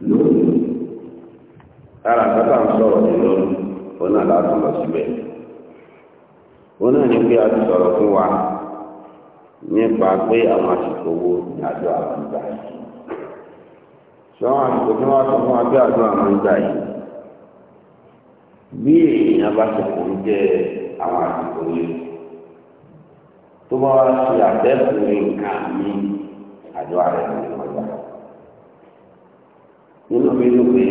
lónìí lára àgbàtà ń sọ̀rọ̀ ní lónìí ó náà láti lọ síbẹ̀ ó náà ní pé a ti sọ̀rọ̀ fún wa nípa pé àwọn àsìkò wo ní àjọ àwọn ìgbà yìí àwọn àsìkò tí wọ́n sọ fún wa pé àjọ àwọn ìgbà yìí bí èèyàn bá ti kò ń jẹ àwọn nínú mi ló pé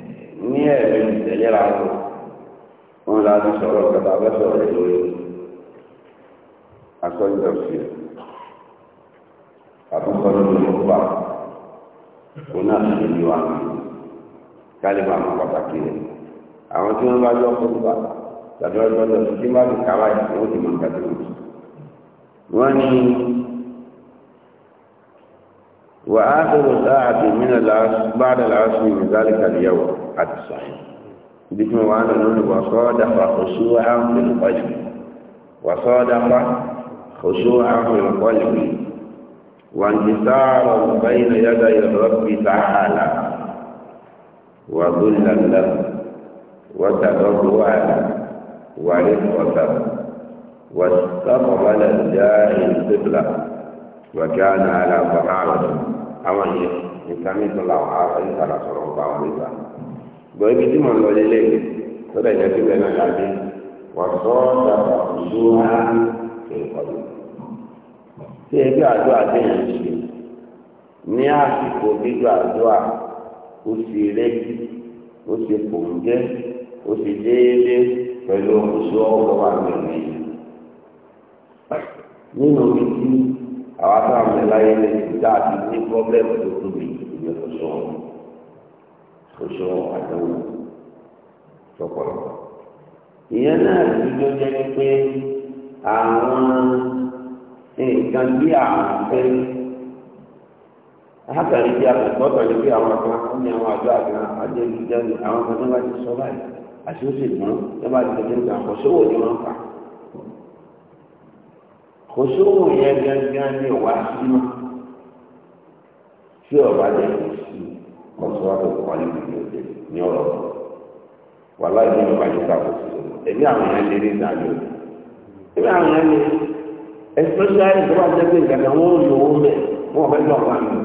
eh, ní ẹ̀rí ìtẹ̀lẹ́ra wọn wọn la ti sọ̀rọ̀ kẹta fẹ́ sọ̀rọ̀ rẹ lórí akọ́jọ́ sí i àkọ́kọ́ lórí ọgbà òun náà sì ní wa kálí máa mọ pàtàkì rẹ àwọn tí wọn bá yọ ọkọ gbà tàbí ọjọ́ ọjọ́ tí wọn bá ti kàwáyé ni wọn ti mọ nǹkan tó wọn ní. وآخر ساعة من العصر بعد العصر من ذلك اليوم حد الصحيح بسم الرحمن الرحيم وصادق خشوعا في القلب وصادق خشوعا في القلب وانتصارا بين يدي الرب تعالى وذلا له وتضرعا ورفقة واستقبل الجاهل قبله وكان على طهارته àwọn yẹn nìkan ní ìtọ́lá àwọn ìtara sọ̀rọ̀ ọba àwọn ìgbà gbọ́ ibi tí mo ń lọ lélẹ̀ lọ́dọ̀ ìjọ tí bẹ́ẹ̀ náà yára wọ́n sọ dàbà ìlú ha ìkọlù tí ẹgbẹ́ àdúrà bẹ́ẹ̀ ń ṣe ní àsìkò gbígbà àdúrà ó sì rẹ́kì ó sì pòǹgẹ́ ó sì déédéé pẹ̀lú òṣù ọ̀gbọ́n àgbẹ̀mí nínú ibi tí àwọn àtàwọn ẹ̀láyé lè ti dá àti ní pọ́blẹ́mù tó tóbi ìyẹn kò sọ kò sọ àdánwò tọpọlọ. ìyẹn náà ti ló jẹ́ pé àwọn nǹkan bí àwọn fẹ́ látàrí bí àtẹ̀gbọ́tọ̀ ní bí àwọn kan ó ní àwọn àjọ àgbà àjẹmíjẹ́ àwọn kan tó bá ti sọ báyìí àti ó sì mọ́ tó bá ti tẹ̀lé ìgbà àkọsówò ni wọ́n fà á. kwụsị ụmụ gángan ní ìwà sínú tí ọba jẹ si kọsíwájú kọ́ni ìdílé ní ọ̀rọ̀ wà láì ní ìwà yìí káàkó èmi àwọn yẹn lè rí èmi àwọn yẹn especially tó bá jẹ pé wọn mẹ wọn lọ nù àwọn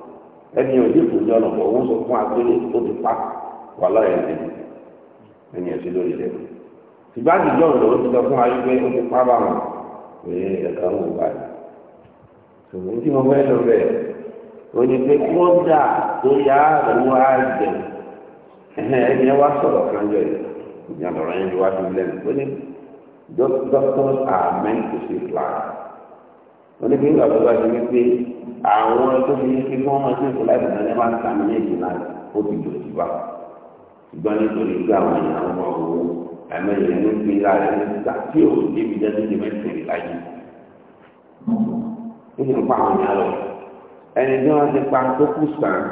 ẹni ò dìbò ní ọ̀nà pọ̀ wọ́n sọ fún agbélé tó ti pa wà lọ́yẹ̀ ẹ̀ ẹni ẹ̀ sí lórí rẹ̀ ṣùgbọ́n àdìjọ́ ọ̀dọ̀ ó ti sọ fún ayé pé ó ti pa bá wọn pé ẹ̀ka ń wò báyìí ṣùgbọ́n tí wọ́n fẹ́ lọ rẹ̀ ó ní pé kódà tó yá àrùn àjẹ ẹni ẹ wá sọ̀rọ̀ kan jọ yìí ìyànà wá sí lẹ́nu ó ní are meant to see flowers. oníbi ń gbàgbọ́ bá ti wí pé àwọn tó fi yé kí wọ́n máa ṣe ìfọ̀ láti náà ní ń sàmì ní ó ti dùn sí ṣùgbọ́n nítorí pé àwọn èèyàn ń wọ owó àmọ́ èèyàn ló fi lára ní sísà tí ò débi mẹ́tìrì láyé ó ń pa àwọn èèyàn lọ ẹni tí wọ́n ti pa tó kù sàn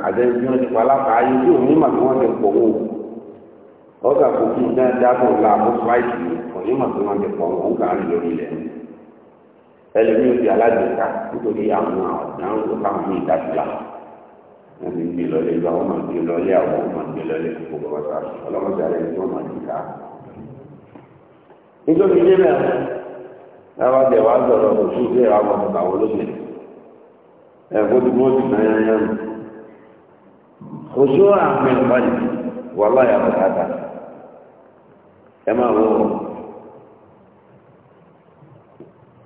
ti pa òun ẹlẹ́mi ò di alágbèéká nítorí àwọn àdáhùn tó káwọn ní ìdásílà wọn ti ń gbé lọlé lọ àwọn máa ń gbé lọlé àwọn máa ń gbé lọlé kó bọ́ sá ọlọ́mọdé alẹ́ ní wọ́n máa di ká. nítorí ilé bẹ́ẹ̀ láwọn jẹ wàá sọ̀rọ̀ òṣù tí ẹ̀rọ àwọn ọmọkà wọn lóde ẹ̀kọ́ tí wọ́n ti náà yán yán. àmì ìpàdé wàhálà yàtọ̀ káta ẹ máa wọ́n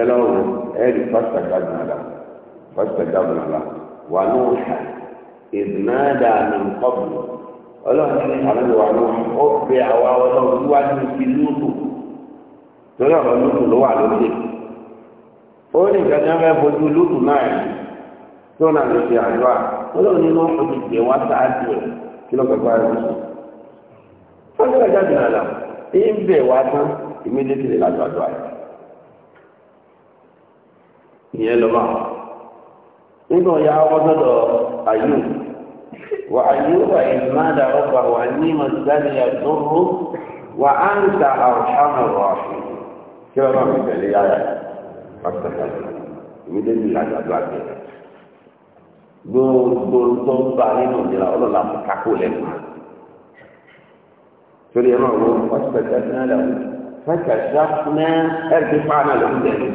ẹ lọ wò ẹ rí pásítà gbàgbọ́n àlà pásítà gbàgbọ́n àlà wà ní òòṣà ìdùnnádà ní nkọ́bù ọlọ́run ní àlọ́ wà ní òòṣà ó pe àwa ọlọ́run wíwájú ti lóòtù torí ọ̀rọ̀ lóòtù ìyẹn lọ́mà nígbà ọ̀yà ọgọ́dọ̀ ayú wà ayú wà ìmáàdà ọgbà wà ní mọ̀síláàdì àdúró wà á ń ta àrùsáàmù kí wọ́n máa fi tẹ̀lé yára pàtàkì ìwé ní ìlàjàdó àgbẹ̀ gbogbo tó ń bá nínú ọlọ́lá mú kákó lẹ́nu torí ẹ máa wọ náà lọ́dún lẹ́nu.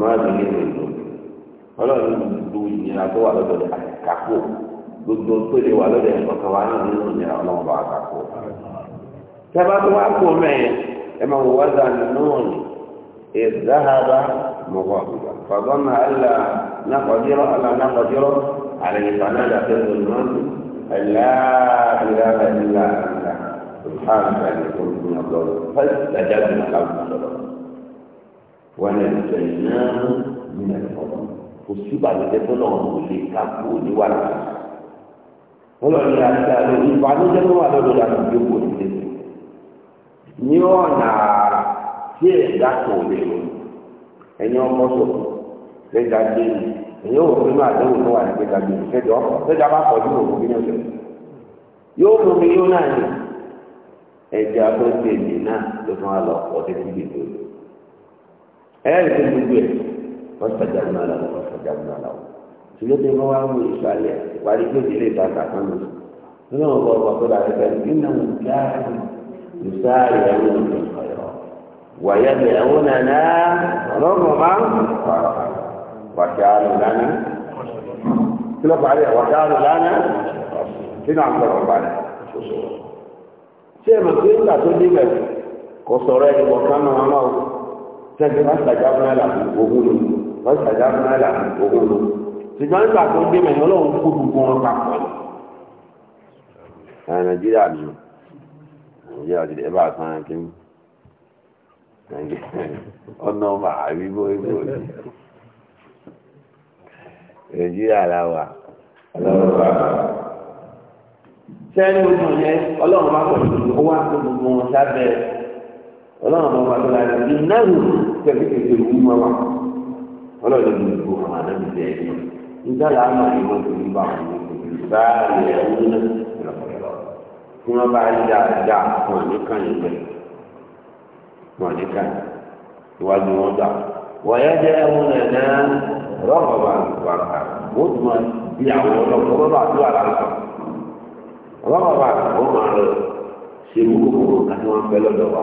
máa bí ní ìlú ọlọ́run gbogbo ìnira tó wà lọ́dọ̀ àkàkò gbogbo péré wà lọ́dọ̀ ẹ̀kọ́kọ́ wa náà nínú ìnira ọlọ́run bá àkàkò. tẹ́bá tó wá kó mẹ́ẹ̀ ẹ máa wò wáza nùún ìdáhàbá mọ̀kọ́ fàgbọ́nà àlà nàkọ̀dírọ́ àlà nàkọ̀dírọ́ àlè ìfànà àdàtẹ́ ìlú لا إله إلا أنت ونجيناه من الغم فسيبا لتفنه لكابو لوالد ولو ẹ̀rẹ́ ti gbogbo ẹ̀ wọ́n sàjà ń nàlọ́ wọ́n sàjà ń nàlọ́ ṣùgbọ́n tí wọ́n wá wọ ìsàlẹ̀ wàrí tó ti lè dàgbà kan lò nínú ọ̀pọ̀ ọ̀pọ̀ tó dàgbà kan nínú ìdáàbò ìsáàlẹ̀ ẹ̀rọ ìfọ̀yọ̀ wàyẹ̀ bẹ̀rẹ̀ wọn nàná ọlọ́run máa ń fara wàkíárù lánàá kí ló parí ẹ̀ wàkíárù lánàá nínú àpẹẹrẹ ọ̀bàdàn ṣé ẹ̀ mọ̀ pé nígbà tó dé bẹ̀rẹ̀ kò sọ̀rọ̀ ẹ̀ tẹ̀sí wọ́n ṣàjà fún àlà òhun lò wọ́n ṣàjà fún àlà òhun lò ṣùgbọ́n nígbà tó ń dé mẹ́rin ọlọ́run kó gbogbo wọn papọ̀ ni. nàìjíríà ni nàìjíríà ti ẹ bá a san kí ọ̀nà ọmọ àríwó ìbò ni nàìjíríà la wà ọlọ́run sẹ́ni ojú yẹn ọlọ́run bá pọ̀ lójú ó wá kó gbogbo wọn sábẹ́ ọlọ́run ọba tó la ní ìnáwó tẹ̀lé tẹ̀lé wú mọ́ wa ọlọ́run ní ìlú àwọn àdáni tẹ̀ ẹ́ yẹn ìdára àmà ni wọ́n ti ń bá wọn ní báàlì ẹ̀wọ́n náà lọ́pọ̀lọpọ̀ tí wọ́n bá yá dá wọn ní kàyìn pẹ̀ wọn ní kàyìn ìwádìí wọn dà wọ́n yẹ jẹ́ ẹ̀wọ́n náà náà rọ́pọ̀ wà ká wọ́n tún máa bí àwọn ọlọ́pọ̀ bá tó àlá rọ́pọ̀ bá wọ́n máa lọ ṣe mú kòkòrò àti wọn fẹ́ lọ́dọ̀ wa.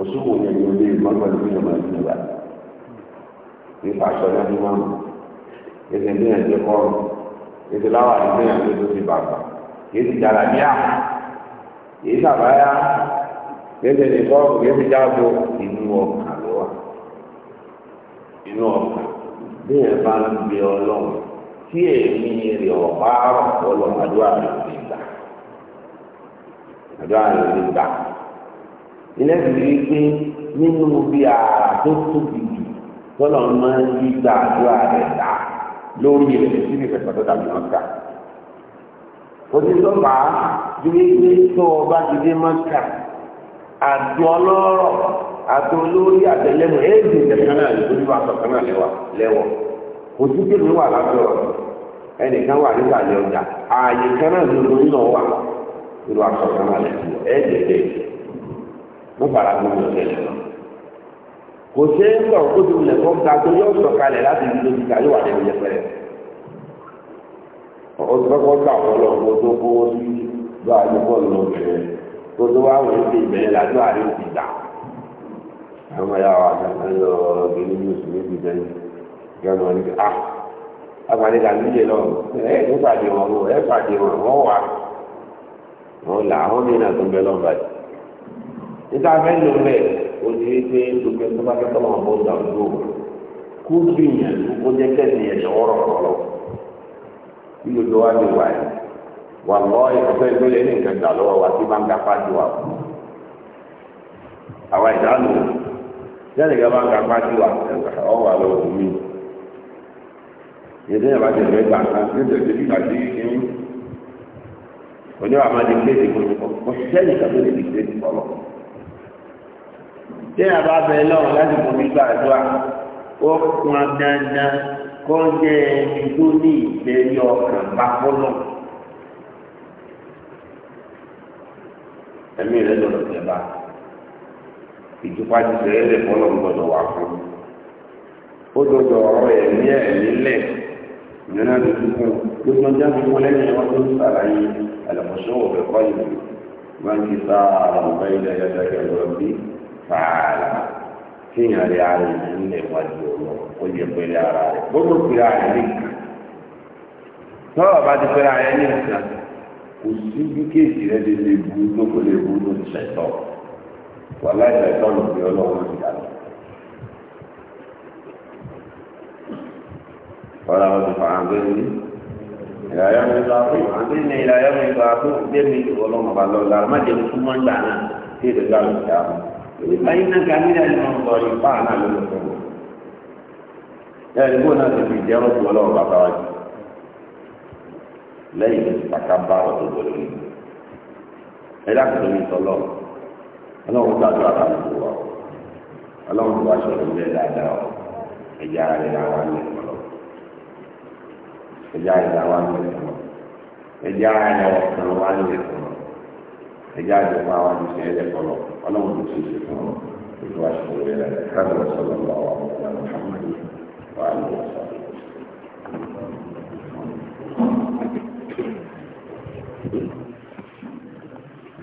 òṣùwò yẹn ni olè mọ́gbà ló yẹn máa dùn bá ní fàṣọ náà ní mọ́mù ètò ìdí ti kọ́rù ètò láwà ìdí yẹn ti tó ti bàbà kì í ti jàrà bíà kì í sàbáyà kì í ti ní kọ́rù kì í ti jáàbò inú ọkà ló wà inú ọkà bí yẹn bá ń gbé ọlọ́run tí èmi rè ọ̀pá ọ̀pọ̀lọpọ̀ àdúrà ti gbà àdúrà rẹ̀ ti gbà. ẹlẹ́bìrì pé nínú bí ààrà tó tóbi jù tọ́lọ̀ máa ń yí gbàdúrà rẹ̀ dá lórí ilẹ̀ síbi ìfẹ̀sọ̀tọ̀ tàbí tó o bá ti dé mọ́kà ọlọ́rọ̀ àti olórí àtẹlẹ́mù éèdì ìtẹ̀kánná ìtòjú wa sọ̀kánná lẹ́wọ̀ lẹ́wọ̀. wà lábẹ́ ọ̀rọ̀ ẹnìkan wà ọjà ààyè náà wà wọ́n fara gbogbo ọ̀sẹ̀ lẹ̀ lọ. kò ṣe é lọ kó tó lẹ̀ fọ́n ta tó yọ sọ̀kalẹ̀ láti ibi tó ti ta yóò wà lẹ́nu yẹpẹrẹ. ọ̀sọ̀kọ̀ gbà wọ́n lọ kó tó kówó sí lọ àdúgbò lọ bẹ̀rẹ̀ kó tó wá wọ́n ti bẹ̀rẹ̀ lájọ́ àárín ti dà. àwọn ọmọ yàrá lọ bẹ̀rẹ̀ ní oṣù méjì dẹ́yìn gbẹ́nu wọn ni a agbani ka nílé lọ ẹ ẹ nípàdé wọn ẹ pàdé wọn wọn wà wọn là wọn ní ìnà tó bẹ lọ́nà báyìí. níta fẹ́ lò bẹ́ẹ̀ o ti rí pé gbogbo ẹni tó bá fẹ́ tọ́lọ̀ ọ̀bọ̀ ọ̀dà ọ̀dọ́ kó gbìyànjú kó jẹ́ kẹ́sì yẹn lọ́wọ́rọ̀ lọ́wọ́ kí lójú wa lè wáyé wà lọ́ ìfẹ́ ìgbélé ni nǹkan gbà lọ́wọ́ wa tí máa ń kápá ju wa kù àwa ìdánù yẹ́nì kan máa wa mi téèyàn bá bẹ lọ́wọ́ láti mọ̀ nígbà àdúrà ó pọn dandan kó jẹ́ ẹni tó ní ìgbẹ́rí ọkàn bá fọ́lọ́. ẹ̀mí rẹ̀ lọ́dọ̀ tẹ̀ bá ìtúpa ti tẹ̀lé lẹ̀ fọ́lọ́ gbọ́dọ̀ wà fún un. ó dọ̀dọ̀ ọ̀rọ̀ ẹ̀mí ẹ̀mí lẹ̀ ìrìnà tuntun kan gbogbo ọjọ́ tó wọlé ní ọdún tó ń sàlàyé àlàmọ̀ṣọ́ òfẹ́ kọ́ ìlú ti sáà àwọn ọ̀gá ilẹ̀ ẹ̀yà fààlà kí èèyàn rí ara rẹ̀ nílẹ̀ wájú ọ̀rọ̀ ó yẹ pẹ̀lú ara rẹ̀ gbogbo pẹ̀lú ara rẹ̀ nìkan tọ́wọ́ bá ti pẹ̀lú ara rẹ̀ nìkan kò sí bí kéèsì rẹ̀ lè lè bu tó kó lè bu tó ti ṣẹ̀tọ̀ wà láì ṣẹ̀tọ̀ lò pé ọlọ́run ti dà lọ. wọ́n lọ́wọ́ ti fà á gbé ní ìlàyà mi lọ fún un ní ìlàyà mi lọ fún un ìwọlọ́mọba lọ́la má jẹun fún mọ́ńdà náà tí ìdè ìbáyé náà gàmílà ni wọ́n sọ ìfá náà ló lọ sọ wọn. ẹ̀rí bó náà ti fi jẹ́ ọ̀rọ̀ tó lọ́wọ́ bàbá wa jù lẹ́yìn tó ti pàkà bá ọ̀rọ̀ tó gbọdọ̀ yìí. ẹ dákòtò mi sọ lọ́wọ́ ọlọ́run gbàdúrà bá mi wọ̀ ọlọ́run tó wá sọ̀rọ̀ ilé rẹ̀ làwọn àmì ìpọ̀lọ́ rẹ̀ làwọn àmì ìpọ̀lọ́ ẹ̀yà ẹ̀jẹ̀ àjọ fún àwọn àjùṣe ẹ̀jẹ̀ kọlọ̀ ọlọ́run ló ti ṣe fún ojú àṣọ rẹ̀ rẹ̀ káàdùn ọ̀sọ̀rọ̀ lọ́wọ́ àwọn ọmọ Muhammadu wà á lọ sọ.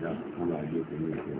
Yeah,